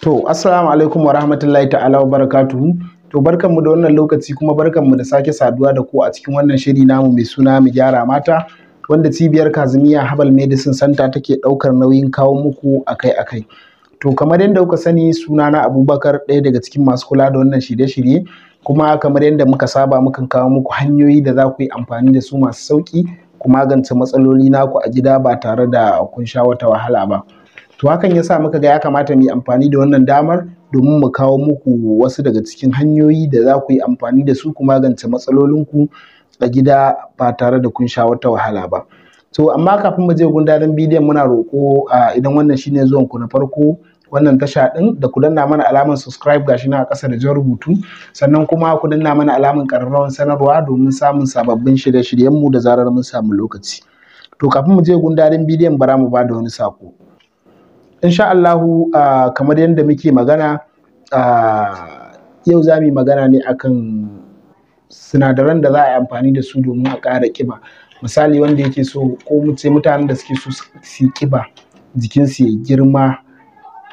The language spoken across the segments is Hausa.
To, assalamu alaikum wa rahmatullahi ta'ala wa barakatuhu. To, barkanmu da wannan lokaci kuma barkanmu da sake saduwa da ku a cikin wannan shiri namu mai suna mu gyara mata, wanda cibiyar Kazimiya Habal Medicine Center take ɗaukar nauyin kawo muku akai-akai. To, kamar yadda kuka sani suna na Abubakar ɗaya daga cikin masu kula da wannan shirye-shirye, kuma kamar yadda muka saba mukan kawo muku hanyoyi da za ku yi amfani da su masu sauƙi ku magance matsaloli naku a gida ba tare da kun sha wata wahala ba. to hakan yasa muka ga ya kamata mu yi amfani da wannan damar domin mu kawo muku wasu daga cikin hanyoyi da za ku yi amfani da su ku magance matsalolinku a gida ba tare da kun sha wata wahala ba to amma kafin mu je gundarin bidiyon muna roƙo idan wannan shine zuwanku na farko wannan tasha din da ku danna mana alamar subscribe gashi na a ƙasa da jan rubutu sannan kuma ku danna mana alamar ƙararrawar sanarwa domin samun sababbin shirye-shiryenmu da zarar mun samu lokaci to kafin mu je gundarin bidiyon bara mu ba da wani sako insha Allahu kamar yadda muke magana yau za mu yi magana ne akan sinadaran da za a yi amfani da su domin a ƙara kiba misali wanda yake so ko mu ce mutanen da suke so su ƙiba jikinsu ya girma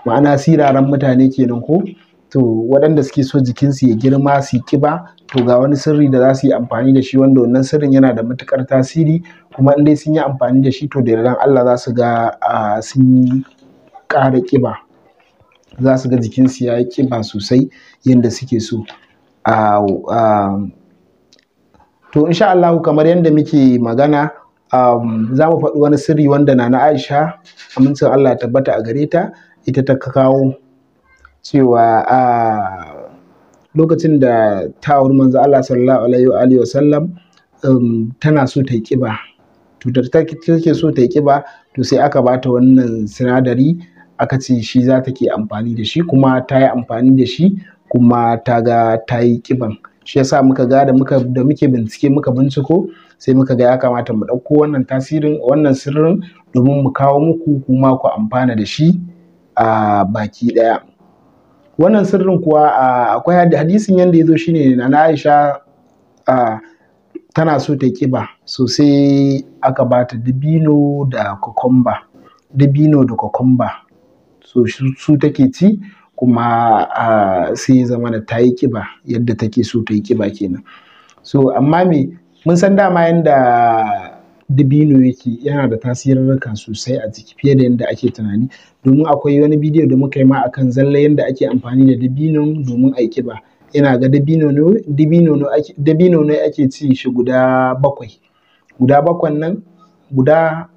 ma'ana siraran mutane kenan ko to waɗanda suke so jikinsu ya girma su ƙiba to ga wani sirri da za su yi amfani da shi wanda wannan sirrin yana da matukar tasiri kuma in dai sun yi amfani da shi to da Allah za su ga sun yi ƙara ƙiba za su ga jikinsu ya yi ƙiba sosai yadda suke so to insha Allah kamar yadda muke magana um, za mu faɗi wani sirri wanda na Aisha amincin Allah tabbata a gare ta ita ta kawo cewa a lokacin da ta auri manzo Allah sallallahu alaihi wa sallam um, tana so ta ƙiba to da take so ta ƙiba to sai aka bata wannan sinadari aka ce shi za ta ke amfani da shi kuma ta yi amfani da shi kuma ta ga ta yi ƙiban shi yasa muka ga da muke bincike muka binciko sai muka ga ya kamata mu ɗauko wannan tasirin wannan sirrin domin mu kawo muku kuma ku amfana da shi a baki ɗaya wannan sirrin kuwa akwai hadisin yadda ya zo shine na Aisha tana so ta ƙiba sosai aka bata dabino da kokomba dabino da kokomba so su take ci kuma sai zama da ta yi ƙiba yadda take so ta yi ƙiba kenan so amma me mun san dama yadda dabino yake yana da raka sosai a jiki fiye da yadda ake tunani domin akwai wani bidiyo da muka yi ma akan zalla yadda ake amfani da dabino domin a yi ƙiba Yana ga dabino ne ake ci shi guda bakwai guda bakwan nan guda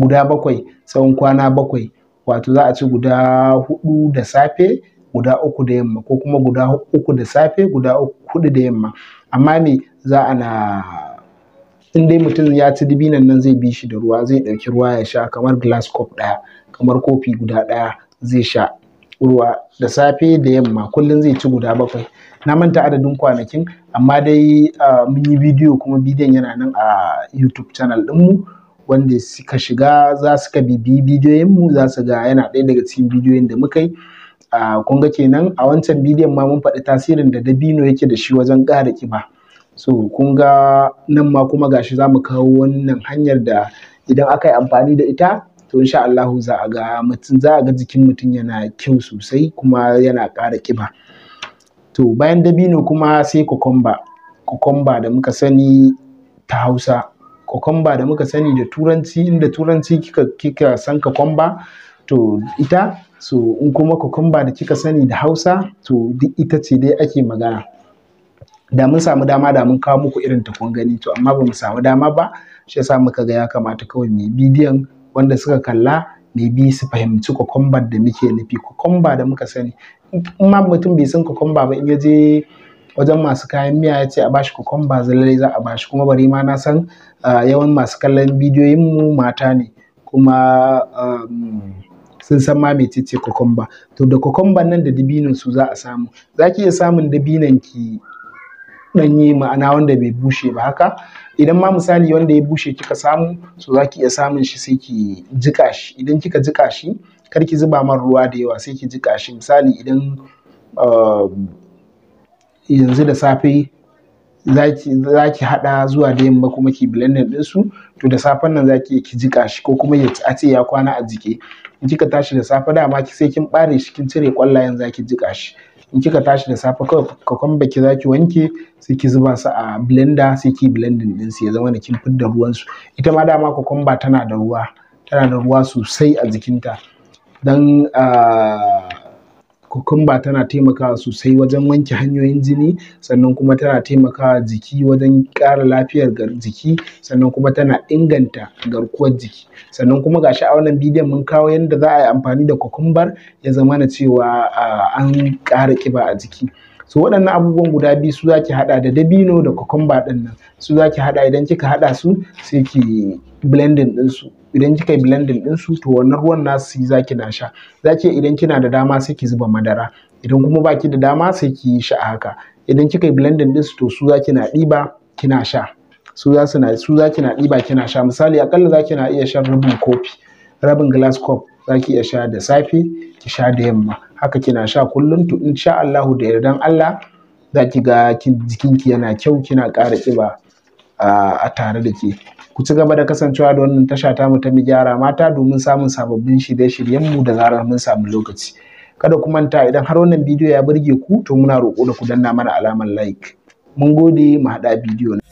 guda bakwai tsawon kwana bakwai wato za a ci guda huɗu da safe guda uku da yamma ko kuma guda uku da safe guda huɗu da yamma amma me za a na in dai mutum ya ci dibinan nan zai bi shi da ruwa zai ɗauki ruwa ya sha kamar glass cup ɗaya kamar kofi guda ɗaya zai sha ruwa da safe da yamma kullum zai ci guda bakwai na manta adadin kwanakin amma dai ah, mun yi bidiyo kuma bidiyon yana nan a youtube channel ɗin mu. wanda suka shiga za su ka bibiyi bidiyoyinmu za su ga yana ɗaya daga cikin bidiyoyin da muka yi kun ga kenan a wancan bidiyon ma mun faɗi tasirin da dabino yake da shi wajen ƙara ƙiba so kun nan ma kuma gashi za mu kawo wannan hanyar da idan aka yi amfani da ita to insha Allahu za a ga mutum za a ga jikin mutum yana kyau sosai kuma yana ƙara ƙiba to bayan dabino kuma sai kokomba kokomba da muka sani ta Hausa cucumber da muka sani da turanci inda turanci kika kika san cucumber to ita so in kuma cucumber da kika sani da hausa to duk ita ce dai ake magana da mun samu dama da mun kawo muku irin ta kun gani to amma ba mu samu dama ba shi yasa muka ga ya kamata kawai mai bidiyon wanda suka kalla mai bi su fahimci cucumber da muke nufi cucumber da muka sani in ma mutum bai san cucumber ba in ya je wajen masu kayan miya ya ce a bashi kokomba zallai za a bashi kuma bari ma na san ah, yawan masu kallon bidiyoyin mu mata ne kuma um, sun san ma mai mecece kokomba to da kokomban nan da dabinon su za a samu za ki iya samun dabinon ki ɗanye ma'ana wanda bai bushe ba haka idan ma misali wanda ya bushe kika samu so za ki iya samun shi sai ki jika shi idan kika jika shi kar ki zuba man ruwa da yawa sai ki jika shi misali idan um, yanzu da safe za ki haɗa zuwa da yamma kuma ki din su to da safen nan za ki ki jika shi ko kuma a ce ya kwana a jike in kika tashi da safe dama ki sai kin ɓare shi kin cire ƙwallayen za ki jika shi in kika tashi da safe kawai kwakwamba ki za ki wanke sai ki zuba su a blender sai ki blending ɗin su ya zama da kin fidda ruwan su ita ma dama kwakwamba tana da ruwa tana da ruwa sosai a jikinta don ah, kumba tana taimakawa sosai wajen wanke hanyoyin jini sannan kuma tana taimakawa jiki wajen ƙara lafiyar jiki sannan kuma tana inganta garkuwar jiki sannan kuma ga gashi a wannan bidiyon mun kawo yadda za a yi amfani da kokumbar ya zama zamana cewa an ƙara ƙiba a jiki so waɗannan abubuwan guda biyu su zaki haɗa da dabino da kokumba ɗin nan su zaki haɗa idan kika haɗa su sai ki blending su idan kika yi blending din su to wannan ruwan nasu zaki na sha zaki idan kina da dama sai ki zuba madara idan kuma baki da dama sai ki yi a haka idan kika yi blending din su to su zaki na ɗiba kina sha su za su na su zaki na ɗiba kina sha misali akalla zaki na iya shan rubin kofi rabin glass cup zaki iya sha da safe ki sha da yamma haka kina sha kullum to insha Allahu da yardan Allah zaki ga jikinki yana kyau kina ƙara ƙiba a tare da ke ku ci gaba da kasancewa da wannan tasha ta mu ta mu gyara mata domin samun sababbin shirye-shiryen mu da zarar mun samu lokaci kada ku manta idan har wannan bidiyo ya burge ku to muna roƙo da ku danna mana alamar like mun gode mu haɗa bidiyo na